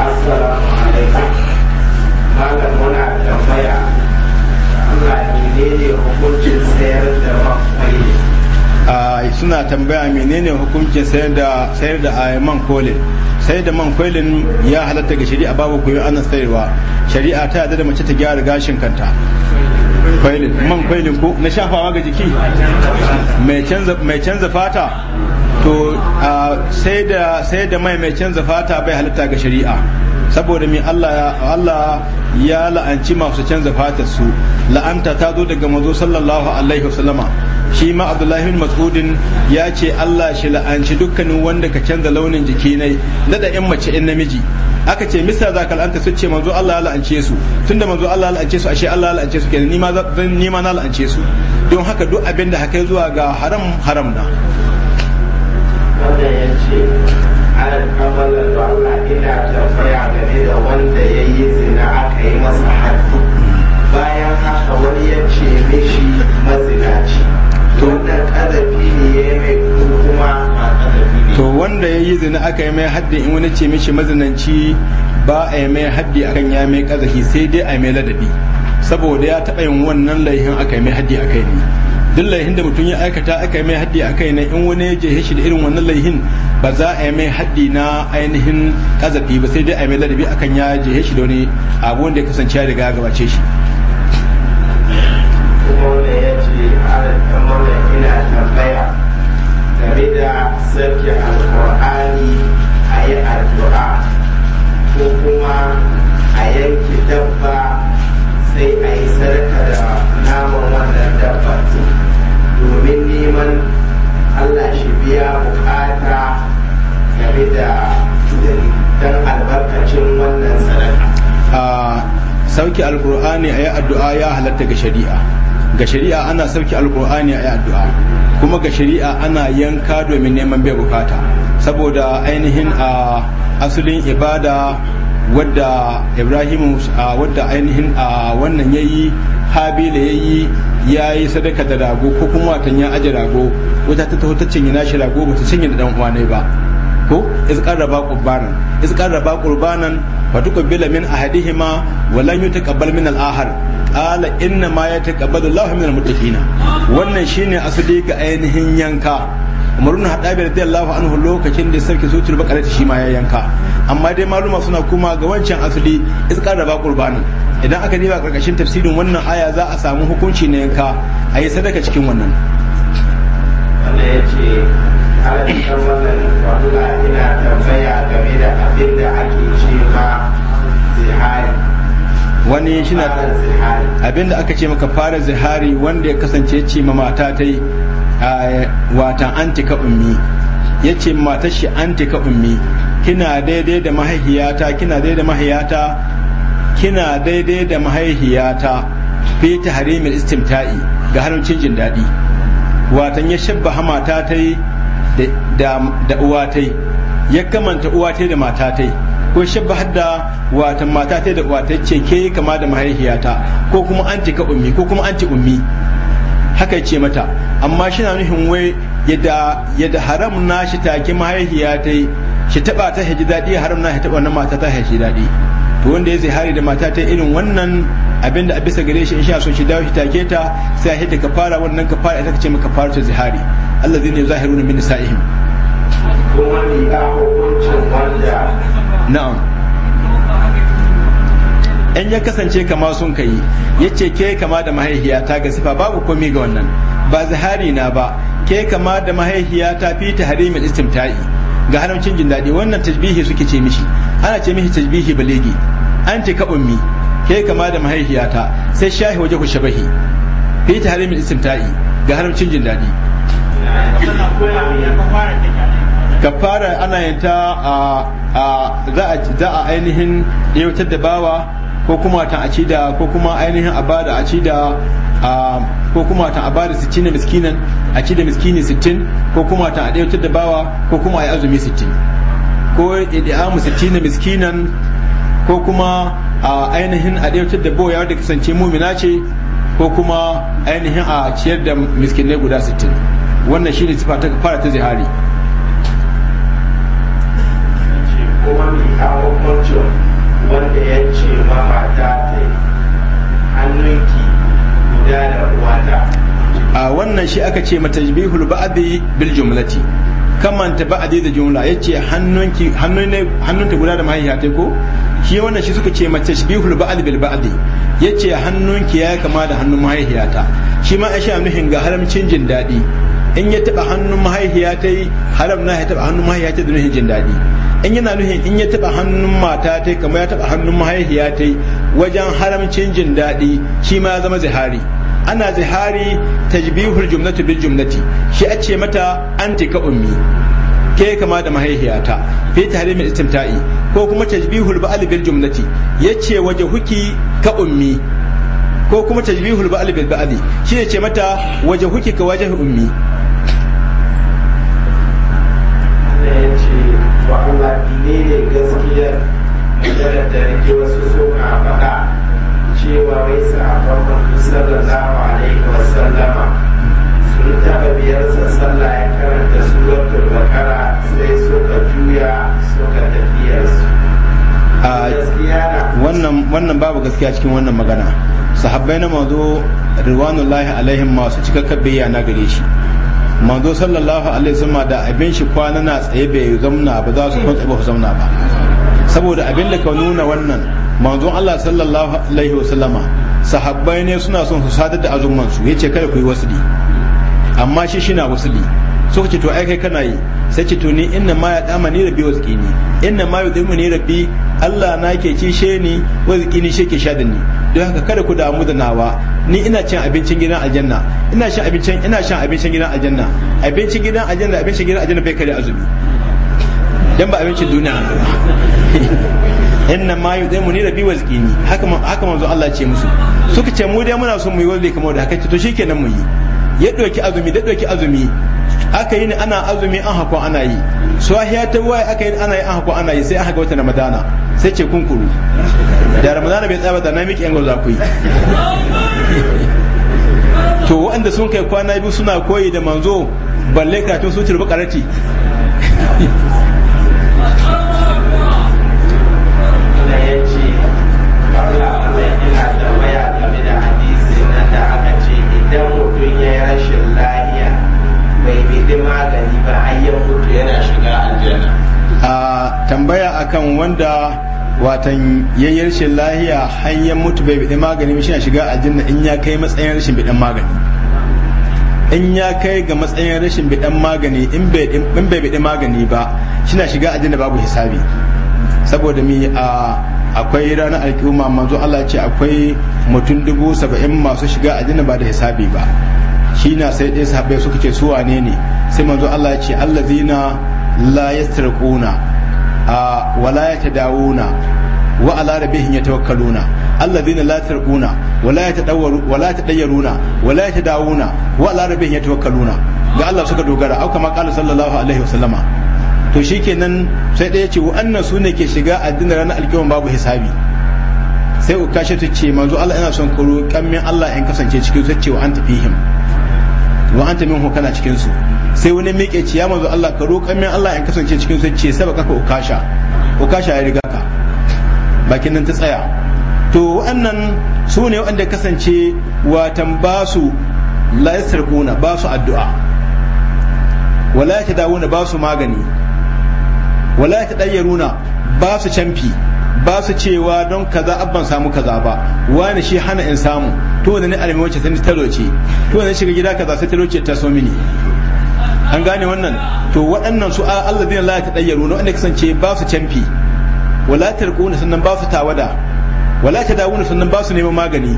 assalamu alaikum malam muna tambaya Allah menene hukuncin sayar da makwai a ah, suna tambaya menene hukuncin sayar da sayar da ah, man kolin sai da man kwailin ya halatta ga shari'a babu koyon ana sayarwa shari'a ta yarda da mace ta gyara gashin kanta man kwailin ko na shafawa ga jiki mai canza fata to sai da mai mai canza fata bai halitta ga shari'a saboda mi Allah ya la'anci masu canza fatar su la'anta ta zo daga mazo sallallahu alaihi wasallama shi ma Abdullahi bin Mas'udin ya ce Allah shi la'anci dukkanin wanda ka canza launin jiki ne da in mace in namiji aka ce mista za ka la'anta su ce manzo Allah ya la'ance su tunda manzo Allah ya la'ance su ashe Allah ya la'ance su kenan ni ma na la'ance su don haka duk abin da haka zuwa ga haram haram na wannan ya ce an kamala da ina tambaya game da wanda ya yi zina aka yi masa haddi bayan haka wani ya ce mishi mazinaci na ƙazafi ne ya mai kuma to wanda ya yi zina aka yi mai haddi in wani ce mishi mazinanci ba a yi mai haddi akan ya mai ƙazafi sai dai a yi mai ladabi saboda ya taɓa yin wannan laihin aka yi mai haddi a kai ne duk laihin da mutum ya aikata aka yi mai haddi a kai na in wani ya je shi da irin wannan laihin ba za a yi mai haddi na ainihin kazafi ba sai dai a yi mai ladabi akan ya je shi da wani abu wanda ya kasance ya riga ya gabace shi game da sarki a yi ko kuma a yanke dabba sai a neman allah shi biya bukata game da don albarkacin wannan sadaka sauki alkur'ani a yi addu'a ya halatta ga shari'a ga shari'a ana sauki alkur'ani a yi addu'a kuma ga shari'a ana yanka domin neman bai bukata saboda ainihin a asulin ibada wadda ibrahim wadda ainihin a wannan yayi habila ya yi ya yi sadaka da rago ko kuma watan ya aje rago wata ta taho ta cinye nashi rago ba ta cinye da dan uwa ne ba ko iz qarraba qurbanan iz qarraba qurbanan fa tuqbila min ahadihima wa lan yutaqabbal min al-akhar qala inna ma yataqabbalu Allahu min al-muttaqin wannan shine asali ga ainihin yanka Umar ibn Hadabi radiyallahu anhu lokacin da sarki sutur Bakara shi ma ya yanka amma dai maluma suna kuma ga wancan asali iz qarraba qurbanan idan aka diba karkashin tafsirin wannan aya za a samu hukunci na yanka a yi sadaka cikin wannan ya wani shi na abin da aka ce maka fara zihari wanda ya kasance ya ce ma mata ta yi watan antika ummi ya ce matar shi antika ummi kina daidai da mahaifiyata. kina daidai da mahaihiyata kina daidai da mahaihiyata fi harimin istimta'i ga hannun jin daɗi watan ya shabba hamata ta yi da uwa ta yi ya kamanta uwa ta da mata ta yi ko shabba hadda watan mata ta da uwa ta ce ke kama da mahaihiyata ko kuma an ka ummi ko kuma an ummi haka ce mata amma shi na nuhin wai yadda haram na shi take ke ta yi shi taba ta haji daɗi haram na shi taba na mata ta haji daɗi to wanda ya zihari da mata ta irin wannan abinda a bisa gare shi in sha so shi dawo shi take ta sai a ka fara wannan ka fara ita ce maka fara ta zihari Allah zai ne zahiruna min sa'ihim kuma ni a hukuncin na'am in ya kasance kama sun kai ya ce ke kama da mahaihiyata ga sifa babu komi ga wannan ba zihari na ba ke kama da mahaihiyata fi ta harimin istimta'i ga haramcin jin daɗi wannan tajbihi suke ce mishi ana ce mihi tajbihi baligi an ce ka mi ke kama da mahaihiyata sai shahi waje ku shabahi fi ta harimin istimta'i ga haramcin jin daɗi kafara ana yin ta za a ainihin yautar da bawa ko kuma ta acida ko kuma ainihin a bada aci ko kuma ta a bada sittin na miskinan acida miskini 60 ko kuma ta a yautar da bawa ko kuma a yi azumi sittin. ko idamu sittina miskinan ko kuma a ainihin a ɗautar da boya da kasance mumina ce ko kuma ainihin a ciyar da miskinai guda sittin wannan shi ne sifa ta fara ta zihari a wannan shi aka ce matajbihul ba'adi bil jumlati kamanta ba'adi da jumla ya ce hannun ne hannunta guda da mahaifiya ta ko shi wannan shi suka ce mace shibihul ba'ad bil ba'adi yace hannunki ya kama da hannun ta shi ma aisha nuhin ga haramcin jin daɗi in ya taba hannun mahaifiya ta yi haram na ya taɓa hannun mahaifiya ta da nuhin jin daɗi in yana nuhin in ya taba hannun mata ta kamar ya taba hannun mahaifiya ta wajen haramcin jin daɗi shi ma ya zama zihari ana zihari tajbihul jumlatu bil jumlati shi a ce mata anti ka ummi ke kama da mahaihiyata fi tahrimin istimta'i ko kuma tajbihul ba'al bil jumlati yace waje huki ka ummi ko kuma tajbihul ba'al bil ba'ali shi ya ce mata waje huki ka waje ummi sallallahu alaihi wa sun taɓa biyarsa sallah ya karanta suratul bakara sai suka juya suka tafiyarsu wannan babu gaskiya cikin wannan magana sahabbai na mazo riwanullahi alaihim masu cika cikakken na gare shi mazo sallallahu alaihi wasallam da abin shi kwana na tsaye bai zamna ba za su kwanta ba su zamna ba saboda abin da ka nuna wannan mazo Allah sallallahu alaihi wasallama sahabbai ne suna son su sadar da azumman su yace kada ku yi wasili, amma shi shi na wasli so ce to ai kai kana yi sai ce to ni inna ma ya dama ni rabbi ni inna ma dama ni rabbi Allah na ke she ni wasqini ni ke sha ni don haka kada ku damu da nawa ni ina cin abincin gidan aljanna ina shan abincin ina shan abincin gidan aljanna abincin gidan aljanna abincin gidan aljanna bai kare azumi dan ba abincin duniya inna ma yudimu ni rabbi ni haka haka manzo Allah ce musu suka ce mu dai muna son mu yi wanda kamar da haka to shi kenan mu yi ya ɗauki azumi da ɗauki azumi aka yi ni ana azumi an hako ana yi swahiya ta waye aka yi ana yi an hako ana yi sai aka ga wata ramadana sai ce kunkuru da ramadana bai tsaya ba na miki yan gwarza ku yi to waɗanda sun kai kwana biyu suna koyi da manzo balle karatun sun rubu karati akan wanda watan yayyar rashin lahiya hanyar mutu bai biɗin magani ba na shiga aljanna in ya kai matsayin rashin biɗin magani in ya kai ga matsayin rashin biɗin magani in bai biɗin magani ba na shiga aljanna babu hisabi saboda mi a akwai ranar alƙiyuma manzo Allah ce akwai mutum dubu saba'in masu shiga aljanna ba da hisabi ba shi na sai ɗaya sahabbai suka ce su wane ne sai manzo Allah ce allazina la yastarquna wala ya ta dawuna wa ala rabbihim yatawakkaluna alladhina la tarquna wala ya yatadawwaru wala yatadayyaruna wala dawuna wa ala rabbihim yatawakkaluna ga Allah suka dogara au kama qala sallallahu alaihi wasallama to shikenan sai ɗaya yace wa'annan su ne ke shiga addinin ranar alkiyon babu hisabi sai ukashe ta ce manzo Allah ina son koro kammin Allah in kasance cikin su ce wa anta fihim wa anta minhu kana cikin su sai wani miƙe ce ya manzo Allah ka roƙa min Allah in kasance cikin sai ce sabaka ka ukasha ukasha ya riga ka bakin nan ta tsaya to wannan su ne waɗanda kasance watan ba su la yasrquna ba su addu'a wala yatadawuna ba su magani wala ta ba su camfi ba su cewa don kaza abban samu kaza ba wani shi hana in samu to ne alimi wacce sai ta roce to ne shiga gida kaza sai ta roce ta so mini an gane wannan to waɗannan su alladina la yatadayyaru na wanda kasance ba su canfi wala tarquna sannan ba su tawada wala tadawuna sannan ba su neman magani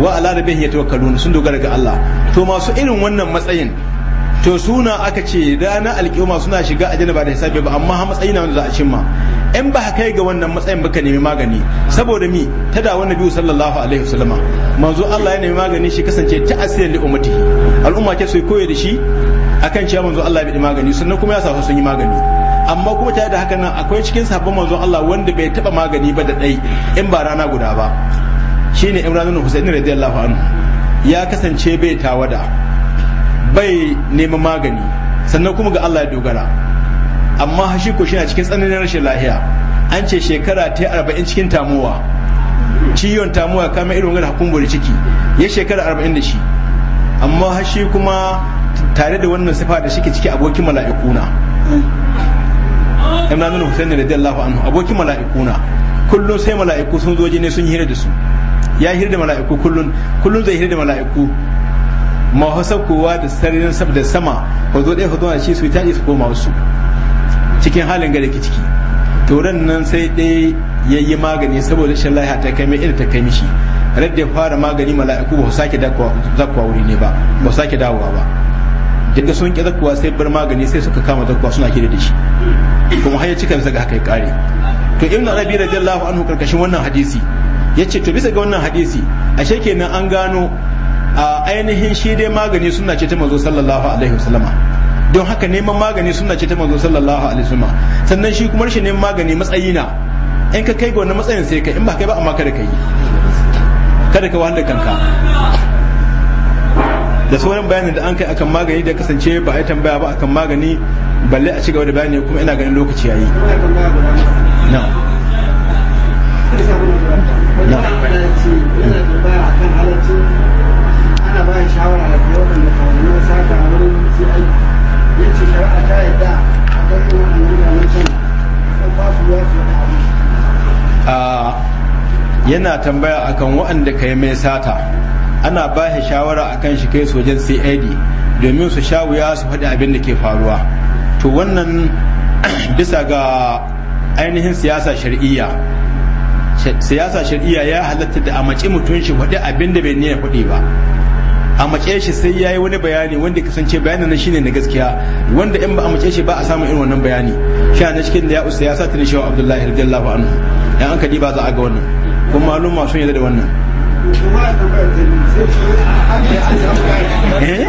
wa ala rabbihim yatawakkaluna sun dogara ga Allah to masu irin wannan matsayin to suna aka ce ranar alƙiyoma suna shiga a ba da hisabi ba amma ha matsayi na wanda za a cimma in ba kai ga wannan matsayin baka nemi magani saboda mi ta da wannan biyu sallallahu alaihi wasallama manzo Allah ya nemi magani shi kasance ta asiyar li ummatihi al'umma ke su koyi da shi akan cewa manzo Allah bi magani sannan kuma ya sa sun yi magani amma kuma tare da haka nan akwai cikin sahabban manzo Allah wanda bai taba magani ba da dai in ba rana guda ba shine Imran bin Husayn radiyallahu anhu ya kasance bai tawada bai neman magani sannan kuma ga Allah ya dogara amma hashi ko shi na cikin tsananin rashin lahiya an ce shekara ta arba'in cikin tamuwa ciyon tamuwa kama irin wani hakun bori ciki ya shekara arba'in da shi amma hashi kuma tare da wannan sifa da shike ciki abokin mala'ikuna na da husaini radiyallahu anhu abokin mala'ikuna kullum sai mala'iku sun zoji ne sun yi hira da su ya hira da mala'iku kullum kullum zai hira da mala'iku masu saukowa da sararin sab da sama zo ɗaya hudu ce su tashi su koma wasu cikin halin gada ke ciki to nan sai ɗaya ya yi magani saboda shan laiha ta kai mai irin ta kai mishi rad da fara magani mala'iku ba su sake zakuwa wuri ne ba ba su sake dawowa ba daga sun ki zakuwa sai bar magani sai suka kama zakuwa suna kira da shi kuma har ya cika bisa ga haka ya kare to ibnu arabi radiyallahu anhu karkashin wannan hadisi yace to bisa ga wannan hadisi ashe kenan an gano ainihin shi dai magani suna ce ta manzo sallallahu alaihi wasallama don haka neman magani suna ce ta manzo sallallahu alaihi wasallama sannan shi kuma shi neman magani matsayi na in ka kai ga wani matsayin sai kai in ba kai ba amma kada ka yi kada ka wanda kanka da sauran bayanin da an kai akan magani da kasance ba a tambaya ba akan magani balle a cigaba da bayani kuma ina ganin lokaci yayi na'am yana ba shawara a kan tambaya akan waɗanda ka yi mai sata ana ba shi shawara akan shi kai sojan cid domin su sha wuya su faɗi abin da ke faruwa to wannan bisa ga ainihin siyasa shari'iyya siyasa shari'iyya ya halatta da a mace mutum shi faɗi abin da bai niyyar faɗi ba a mace shi sai yayi wani bayani wanda ya kasance bayanin nan shine na gaskiya wanda in ba a mace shi ba a samu irin wannan bayani shi na cikin da ya usta ya sata ne shi Abdullahi radiyallahu anhu dan an kadi ba za a ga wannan kuma ma sun yarda da wannan eh?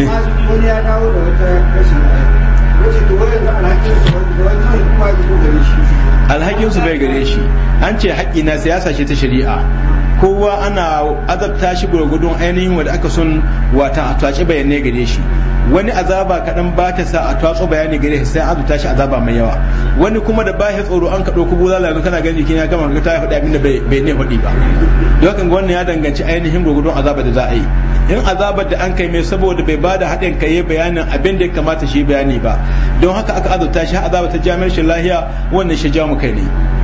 eh? alhakin su bai gare shi an ce haƙƙi na siyasa shi ta shari'a kowa ana azabta shi gurgudun ainihin wanda aka son wata a tace bayanai gare shi wani azaba kaɗan ba ta sa a twatso bayani gare shi sai azabta shi azaba mai yawa wani kuma da ba shi tsoro an ka ɗauko za yanzu kana gani kina gama ka ta fadi abin da bai ne faɗi ba don haka wannan ya danganci ainihin gurgudun azaba da za a yi in azabar da an kai mai saboda bai bada haɗin kai ya bayanin abin da ya kamata shi bayani ba don haka aka azabta shi azaba ta jami'ar shi lahiya wannan shi kai ne